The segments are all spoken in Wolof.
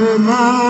ma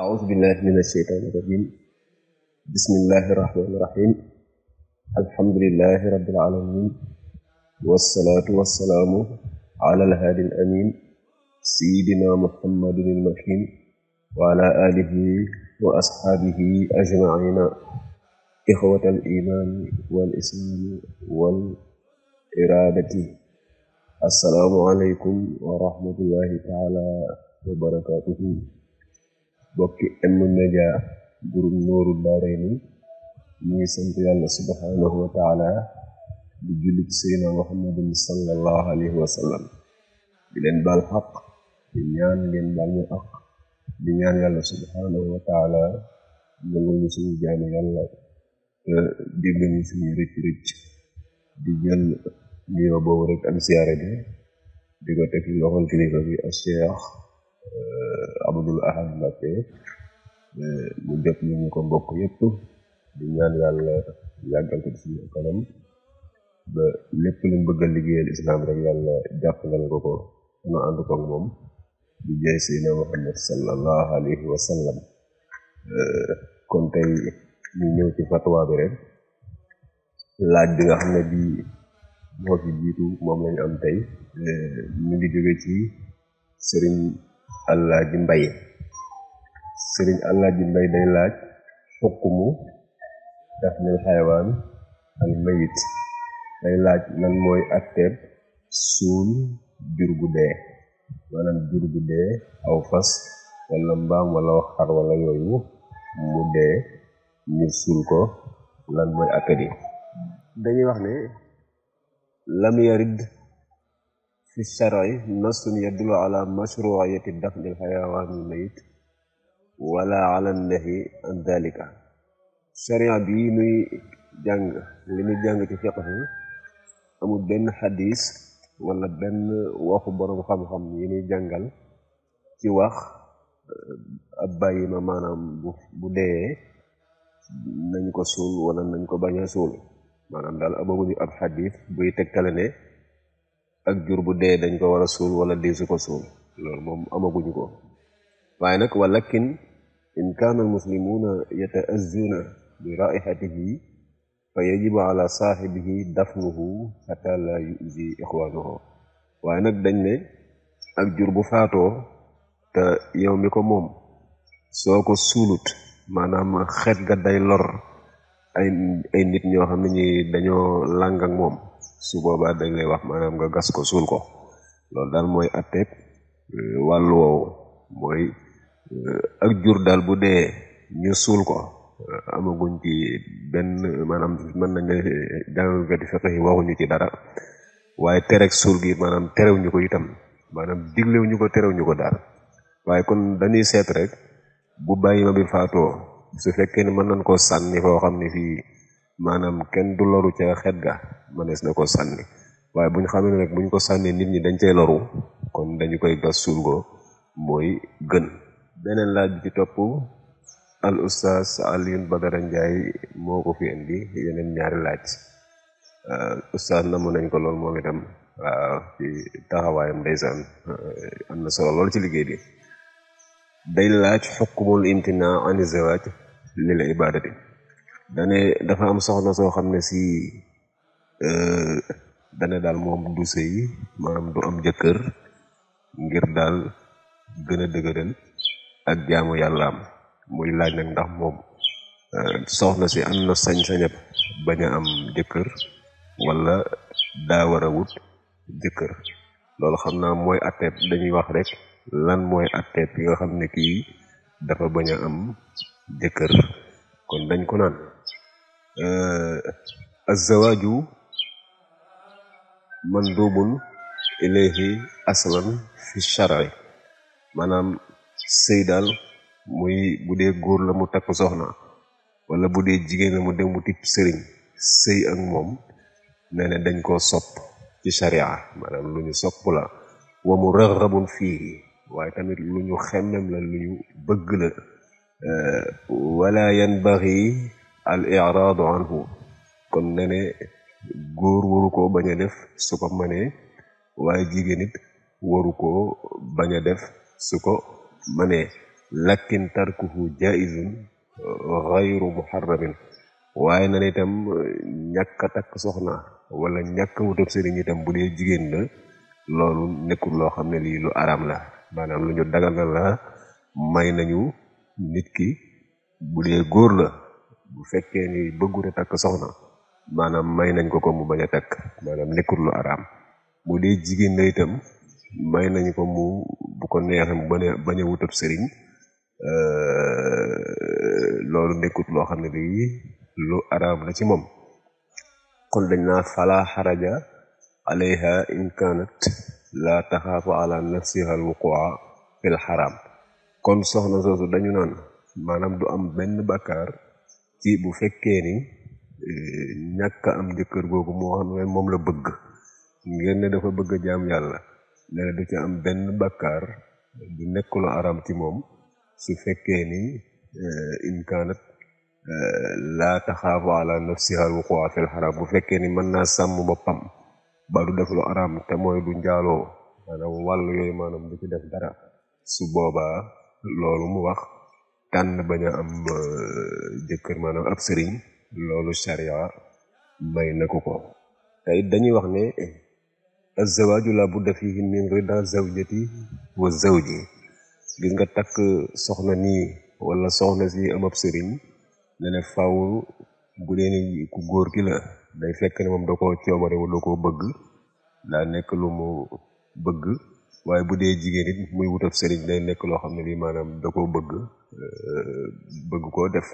أعوذ بالله من الشيطان الرجيم بسم الله الرحمن الرحيم الحمد لله رب العالمين والصلاة والسلام على الهادي الأمين سيدنا محمد المكين وعلى آله وأصحابه أجمعين إخوة الإيمان والإسلام والإرادة السلام عليكم ورحمة الله تعالى وبركاته bokki M-Media groupe Nooru Daarayni ñu ngi sant yàlla subhanahu wa taala di julli ci seydina muhammadin alayhi wa di leen baal xaq di ñaan yàlla subhanahu wa taala nangul ñu suñu yàlla te déggal suñu rëcc rëcc di jël nuyoo boobu rek am siyaare di ko teg loxol kilifa bi ak cheikh Euh, Abdul Ahad Mbacké mu jot li ñu ko mbokk yépp di ñaan yàlla yàggal ko ci suñu kanam lépp luñ bëgg a liggéeyal islam rek yàlla jàppalal ko ko nu ànd koog moom di jaay Seydina Muhammad alayhi wa euh, kon tey ñu ñëw ci fatwa bi rek laaj bi nga xam ne bii moo fi jiitu moom lañu am tey ñu euh, ngi jóge ci sëriñ Alaaji Mbay sëriñ Alaaji Mbay day laaj xukkumu dafnil xayawaan al mayit day laaj lan mooy atteeb suul jur gu maanaam jur gu aw fas wala mbaam wala xar wala yooyu mu dee ñu suul ko lan mooy atteeb yi dañuy wax ne lam في الشرع نص يدل على مشروعية دفن الحيوان الميت wala benn xadis wala benn waxu boroom xam-xam yi nuy jàngal ci wax ab bàyyi ma maanaam bu dee nañ ko suul wala nañ ko bañ a suul maanaam daal amaguñu ab xadis buy tegtale ne ak jur bu dee dañ ko war a suul wala diisu ko suul loolu moom amaguñu ko waaye nag walakin in kaana almuslimuuna yata'azzuuna bi raihatihi fa yajibu ala saaxibihi dafnuhu xata la yuzi ixwaanuhu waaye nag dañ ne ak jur bu faatoo te yow mi ko moom soo ko suulut maanaam xeet ga day lor ay ay nit ñoo xam ne ñi dañoo làng moom su boobaa dañ lay wax maanaam nga gas ko suul loolu daal mooy atteeg euh, wàllu woowu mooy euh, ak jur daal bu dee ñu suul ko euh, amaguñ ci benn maanaam mën nañ ne jàngkati fiqh yi waxuñu ci dara waaye tereg suul gi maanaam terewuñu ko itam maanaam diglewuñu ko terewuñu ko daal waaye kon dañuy seet rek bu bàyyi ma bi faatoo su fekkee ne mën nañ koo sànni foo xam ne fii maanaam kenn du loru ca xet ga mënees na ko sànni waaye bu xamee ne nag bu ko sànnee nit ñi dañ cay loru kon dañu koy gas suul ko mooy gën beneen laaj bi ci topp al oustaz Alioune Badara Ndiaye moo ko fi indi yeneen ñaari laaj oustaz uh, namu nañ ko lool moom itam waaw uh, ci uh, am na solo lool ci liggéey bi day laaj xukkumul imtina ani zawaaj lil ibadati dane dafa am soxna soo xam ne si euh, dane daal moom du sëy maanaam du am jëkkër ngir daal gën a dëgëral ak jaamu yàllaam muy laaj nag ndax moom euh, soxna si am na sañ-sañab bañ a am jëkkër wala daa war a wut jëkkër loolu xam naa mooy atteeb dañuy wax rek lan mooy atteeb yi xam ne kii dafa bañ a am jëkkër kon dañ ko naan azawaaju mandubun ilayhi aslan fi shar'i maanaam sëy daal muy bu dee góor la mu takk soxna wala bu dee jigéen la mu dem wuti sëriñ sëy ak moom nee na dañ koo sopp ci sharia maanaam lu ñu sopp la wa raxabun fii waaye tamit lu ñu xemmem la lu ñu bëgg la wala yanbaghi al iraadu anhu kon ne ne góor waru a def su ko mënee waaye ko bañ a su ko mënee lakin tarkuhu jaizun xayru muharramin waaye na ne itam ñàkk a soxna wala ñàkk a wutab sëriñ bu dee jigéen la loolu nekkul loo xam ne lii lu araam la maanaam lu la may nañu nit ki bu dee góor la bu fekkee ni bëggute takk soxna maanaam may nañ ko ko mu bañ a takk maanaam nekkul lu araam bu dee jigéen la itam may nañ ko mu bu ko neexee mu bañ a bañ a wutab sëriñ loolu nekkut loo xam ne lii lu araam la ci moom kon dañ naa fala xaraja alayha in kanat la taxaafu ala nafsiha alwuqua fil xaraam kon soxna soosu dañu naan maanaam du am benn bakkaar ci bu fekkee ni eh, ñàkk am jëkkër googu moo xam ne moom la bëgg ngeen ne dafa bëgg jaam yàlla nee du ci am benn bakkaar du nekk lu araam ci moom su fekkee ni eh, inkaanat eh, laa taxaafu ala nafsiha alwuqua fi alxaraam bu fekkee ni mën naa sàmm boppam ba du def araam te mooy du njaaloo maanaam wàll yooyu maanaam du ci def dara su boobaa loolu wax tànn bañ a am euh, jëkkër maanaam ab sëriñ loolu sharia may na ko ko te dañuy wax ne azzawaaju la budda fiihi min rida zawjati wa zawji nga takk soxna nii wala soxna si am ab sëriñ ne faw bu dee ku góor ki la day fekk ne moom da koo coobare wala da koo bëgg daa nekk lu mu bëgg waaye bu dee jigéen it muy wut ab sëriñ day nekk loo xam ne lii maanaam da koo bëgg euh, bëgg koo def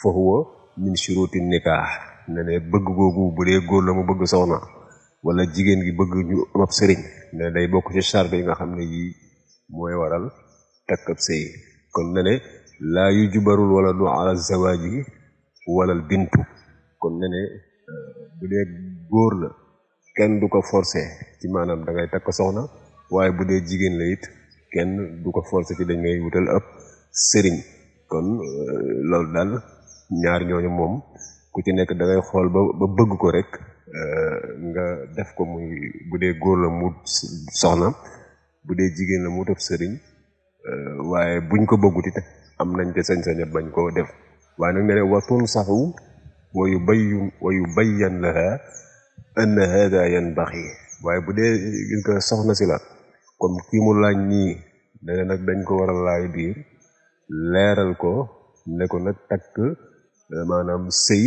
foofu wa min shuruti nikah ne bëgg googu bu dee góor la mu bëgg soxna wala jigéen gi bëgg ñu am ab day bokk ci yi nga xam ne yii mooy waral takk ab kon ne laa yu jubarul wala du ala zawaaji walal bintu kon ne ne euh, bu dee góor la kenn du ko forcé ci maanaam da ngay takk soxna waaye bu dee jigéen la it kenn du ko forcer ci dañ may wutal ab sëriñ kon euh, loolu daal ñaar ñooñu moom ku ci nekk dangay xool ba ba bëgg ko rek euh, nga def ko muy bu dee góor la mu soxna bu dee jigéen la mu wutal sëriñ euh, waaye buñ ko bëgguti te am nañ te sañ-saña bañ koo def waaye nag nee ne watun saxu wa yu bayyun wa yu bayyan laha ann hada yanbaxi waaye bu dee gis nga soxna si la kon kii mu laaj nii ne nag dañ ko war a laay biir leeral ko ne ko nag takk eh, maanaam sëy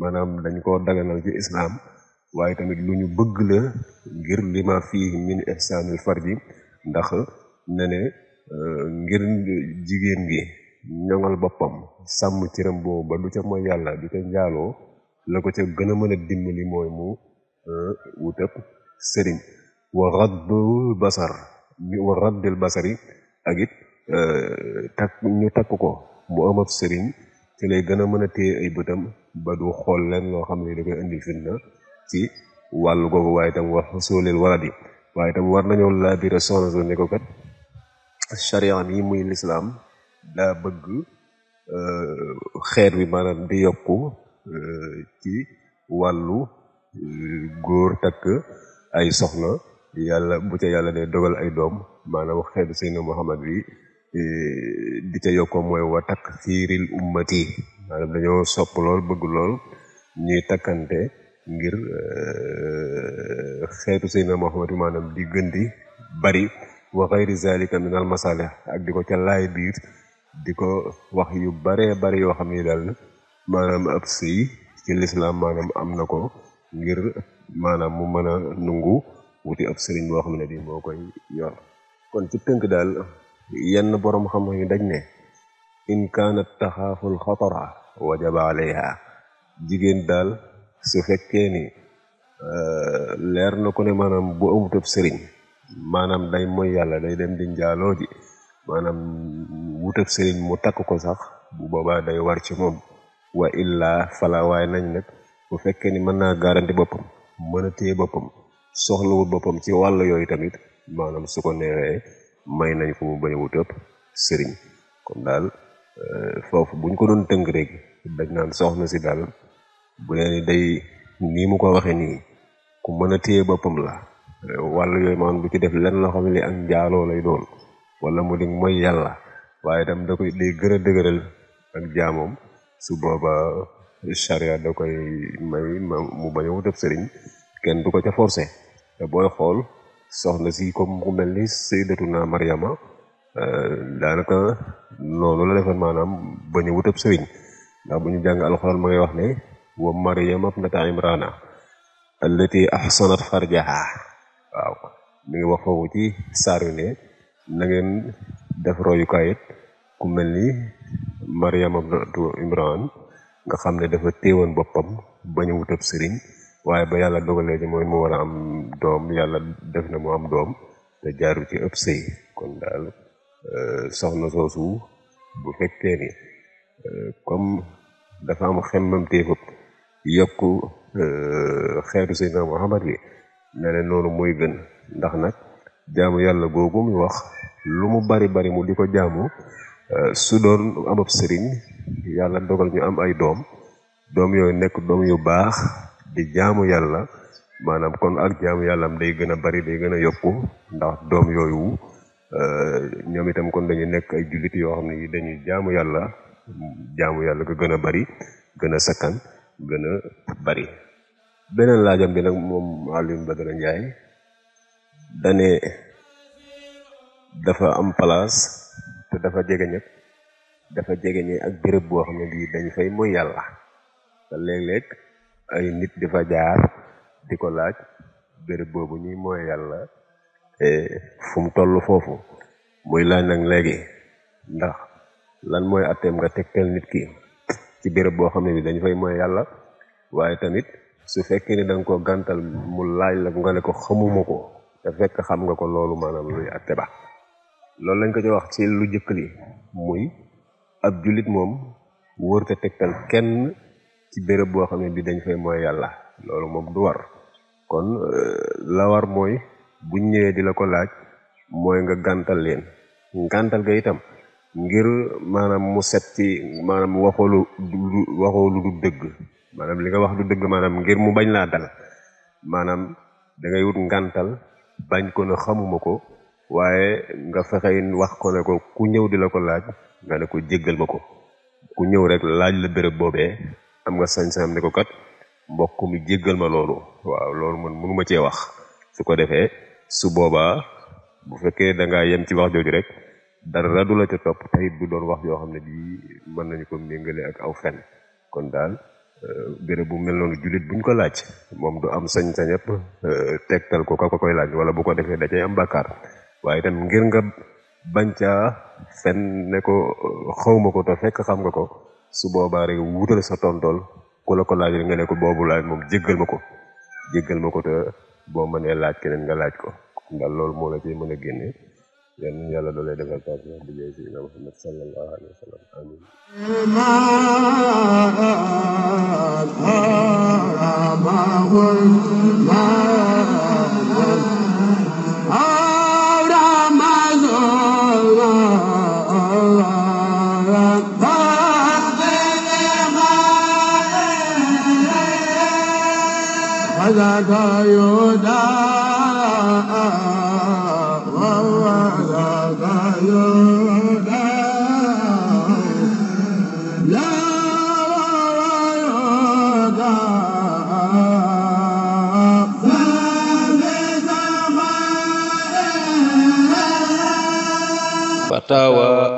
maanaam dañ ko daganal ci islaam waaye tamit lu ñu bëgg la ngir lima fii min ihsaanil farji ndax ne ne eh, ngir jigéen gi ñoŋal boppam sàmm cëram boobu ba du ca mooy yàlla du ca njaaloo la ko ca gën a mën a dimbali mooy mu eh, wutëb sëriñ wa basar ñu war raddil basari ak it euh, takk ñu takk ko mu am ab sëriñ ci lay gën a mën a téye ay bëtam ba du xool leen loo xam ne da koy indi fitna ci wàllu googu waaye itam wax sooleel warat yi waaye itam war nañoo laa biira soxna so ne ko kat charian yi muy lislaam daa bëgg euh, xeet wi maanaam di yokku euh, ci wàllu góor takk ay soxna yàlla bu ca yàlla de dogal ay doom maanaam xeetu Seydina Muhammad bi eh, di ca yokko mooy wa takk fiiril ummati maanaam dañoo sopp lool bëgg lool ñuy takkante ngir eh, xeetu Seydina Muhammad bi maanaam di gën bari wa xayri zalika min al ak di ko ca laay biir di ko wax yu baree bari yoo xam ne daal maanaam ab sëy ci lislaam maanaam am na ko ngir maanaam mu mën a nungu wuti ab sëriñ boo xam ne bi moo koy yor kon ci tënk daal yenn borom xam-xam yi dañ ne in kaanat taxaaful xatara wajaba alayha jigéen daal su fekkee ni euh, leer na ko ne maanaam bu amut ab sëriñ maanaam day mooy yàlla day dem di njaaloo ji maanaam wutab sëriñ mu takk ko sax bu boobaa day war ci moom wa illaa fala waay nañ nag bu fekkee ni mën naa garanti boppam mën boppam soxlawul boppam ci wàll yooyu tamit maanaam su ko neexee may nañ ko mu bañ a sëriñ kom daal euh, foofu buñ ko doon tënk rek dañ naan soxna si daal bu leen day nii mu ko waxee nii ku mën a téye boppam la wàll yooyu maanaam bu ci def lenn loo xam ne li ak njaaloo lay doon wala mu di mooy yàlla waaye itam da koy day gën a dëgëral ak jaamoom su booba charia da koy may mu bañ a wut ab sëriñ kenn du ko ca forcé te euh, booy xool soxna si comme ku mel ni Sayyidatuna Maryama euh, daanaka noonu la defoon maanaam bañ a wutab sëriñ ndax bu ñu jàng alxuraan ma ngay wax ne wa Maryama ibnata Imrana allati ahsanat farjaha waaw mi ngi wax foofu ci saar wi ne na ngeen def royukaayit ku mel ni Maryama ibnatu Imran nga xam ne dafa téewoon boppam bañ a wutab sëriñ waaye ba yàlla dogalee ni mooy mu war a am doom yàlla def na mu am doom te jaaru ci ëpp sëy kon daal euh, soxna soosu bu fekkee ni euh, comme dafa am xemmam téefëb yokku euh, xeetu Seydina Muhammad bi ne ne noonu muy gën ndax nag jaamu yàlla googu mu wax lu mu bari bari mu di ko jaamu su doon amab sëriñ yàlla dogal ñu am ay doom doom yooyu nekk doom yu baax di jaamu yàlla maanaam kon ak jaamu yàllaam day gën a bari day gën a yokku ndax doom yooyu euh, ñoom itam kon dañu nekk ay jullit yoo xam ne yi dañuy jaamu yàlla jaamu yàlla ko gën a bari gën a sakkan gën a bari beneen laajam bi nag moom Alioune Badara Ndiaye dane dafa am place te dafa jege ñëpp dafa jege ñi ak bërëb boo xam ne bii dañ fay mooy yàlla te léeg-léeg ay nit di fa jaar di ko laaj béréb boobu ñuy mooy yàlla fu mu toll foofu muy laaj nag léegi ndax lan mooy atteem nga tegtal nit ki ci bërëb boo xam ne bi dañ fay mooy yàlla waaye tamit su fekkee ne da ko gàntal mu laaj la nga ne ko xamuma ko te fekk xam nga ko loolu maanaam luy atte ba loolu lañ ko ci wax ci lu jëkk li muy ab jullit moom wóor te tegtal kenn ci béréb boo xam ne bi dañ fay mooy yàlla loolu moom du war kon euh, la war mooy buñ ñëwee di la ko laaj mooy nga gàntal leen gàntal ga itam ngir maanaam mu set ci maanaam waxoo lu waxoo lu dëgg maanaam li nga wax du dëgg maanaam ngir mu bañ laa dal maanaam da ngay wut bañ ko ne xamuma ko waaye nga fexe wax ko ne ko ku ñëw di la ko laaj nga ne ko jéggal ma ko ku ñëw rek laaj la béréb boobee am nga sañ-sañam ne ko mbokk mu jéggal ma loolu waaw loolu man mënu ma cee wax su ko defee su boobaa bu fekkee da ngaa yem ci wax jooju rek dara du la ca topp te it du doon wax yoo xam ne bii mën nañu ko méngale ak aw fen kon daal euh, béréb bu mel noonu jullit buñ ko laaj moom du am sañ-sañ yëpp euh, tegtal ko ko koy laaj wala bu ko defee da am bàkkaar waaye itam ngir nga bañ caa fen ne ko xawma ko te fekk xam nga ko su boobaa rek wutal sa tontool ku la ko laaj rek nga ne ko boobu laaj moom jéggal ma ko jéggal ma ko te boo mënee laaj keneen nga laaj ko ndax loolu moo la ci mën a génne yal na yàlla doolee defal taat bi jëy si Seydina Muhammad sallallahu alayhi wa ذاك يودا وهو ذاك يودا لا وهو يودا فتاوى